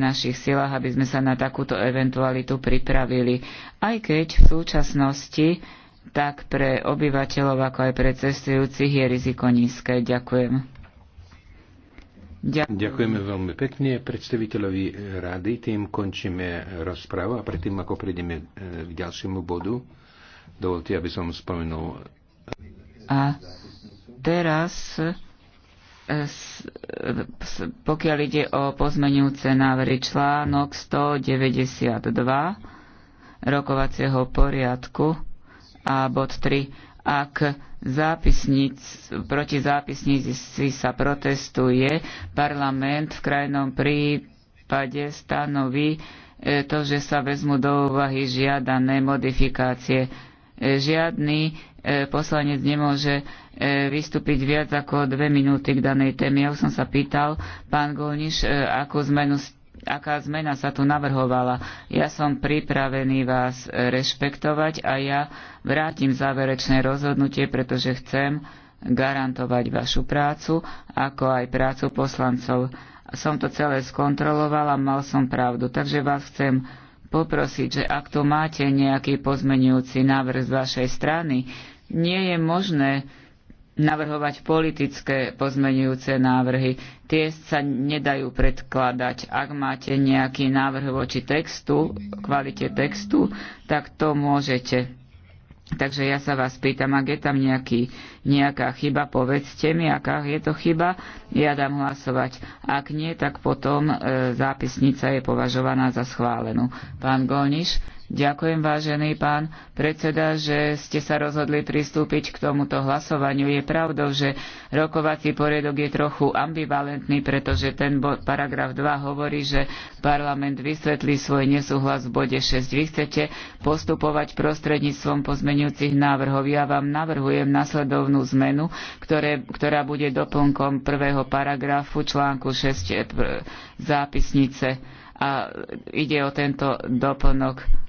našich silách, aby sme sa na takúto eventualitu pripravili. Aj keď v súčasnosti, tak pre obyvateľov, ako aj pre cestujúcich je riziko nízke. Ďakujem. Ďakujem. Ďakujeme veľmi pekne predstaviteľovi rady. Tým končíme rozprávu a predtým, ako prejdeme eh, k ďalšiemu bodu, dovolte, aby som spomenul. A teraz pokiaľ ide o pozmenujúce návrhy článok 192 rokovacieho poriadku a bod 3, ak zápisnic, proti zápisníci sa protestuje, parlament v krajnom prípade stanoví e, to, že sa vezmu do úvahy žiadané modifikácie. E, žiadny poslanec nemôže e, vystúpiť viac ako dve minúty k danej téme. Ja som sa pýtal, pán Golniš, e, akú zmenu aká zmena sa tu navrhovala. Ja som pripravený vás e, rešpektovať a ja vrátim záverečné rozhodnutie, pretože chcem garantovať vašu prácu, ako aj prácu poslancov. Som to celé skontroloval a mal som pravdu, takže vás chcem poprosiť, že ak tu máte nejaký pozmenujúci návrh z vašej strany, nie je možné navrhovať politické pozmenujúce návrhy. Tie sa nedajú predkladať. Ak máte nejaký návrh voči textu, kvalite textu, tak to môžete Takže ja sa vás pýtam, ak je tam nejaký, nejaká chyba, povedzte mi, aká je to chyba, ja dám hlasovať. Ak nie, tak potom e, zápisnica je považovaná za schválenú. Pán Golniš, Ďakujem, vážený pán predseda, že ste sa rozhodli pristúpiť k tomuto hlasovaniu. Je pravdou, že rokovací poriadok je trochu ambivalentný, pretože ten bod, paragraf 2 hovorí, že parlament vysvetlí svoj nesúhlas v bode 6. Vy chcete postupovať prostredníctvom pozmenujúcich návrhov. Ja vám navrhujem nasledovnú zmenu, ktoré, ktorá bude doplnkom prvého paragrafu článku 6 zápisnice. A ide o tento doplnok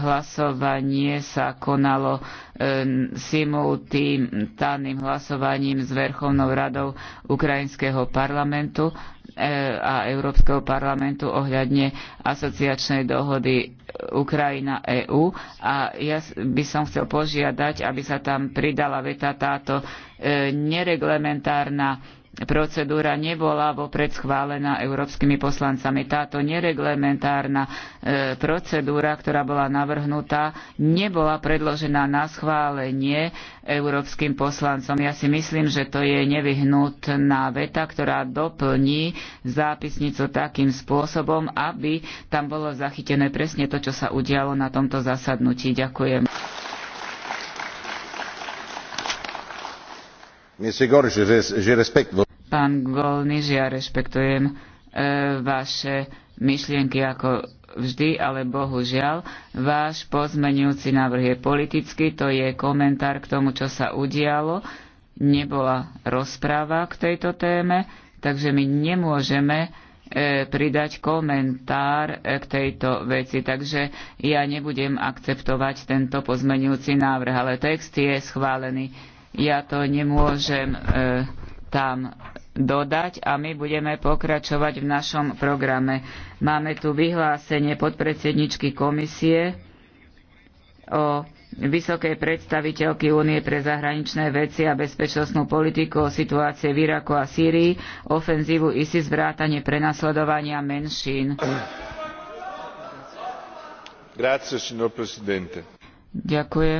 hlasovanie sa konalo e, simultánnym hlasovaním s Verchovnou radou Ukrajinského parlamentu e, a Európskeho parlamentu ohľadne asociačnej dohody Ukrajina-EU. A ja by som chcel požiadať, aby sa tam pridala veta táto e, nereglementárna procedúra nebola vopred schválená európskymi poslancami. Táto nereglementárna e, procedúra, ktorá bola navrhnutá, nebola predložená na schválenie európskym poslancom. Ja si myslím, že to je nevyhnutná veta, ktorá doplní zápisnicu takým spôsobom, aby tam bolo zachytené presne to, čo sa udialo na tomto zasadnutí. Ďakujem. Pán Golniš, ja rešpektujem e, vaše myšlienky ako vždy, ale bohužiaľ, váš pozmenujúci návrh je politický, to je komentár k tomu, čo sa udialo. Nebola rozpráva k tejto téme, takže my nemôžeme e, pridať komentár e, k tejto veci. Takže ja nebudem akceptovať tento pozmenujúci návrh, ale text je schválený. Ja to nemôžem e, tam dodať a my budeme pokračovať v našom programe. Máme tu vyhlásenie podpredsedničky komisie o vysokej predstaviteľky Únie pre zahraničné veci a bezpečnostnú politiku o situácie v Iraku a Sýrii, ofenzívu ISIS, vrátanie prenasledovania menšín. Grazie, Ďakujem.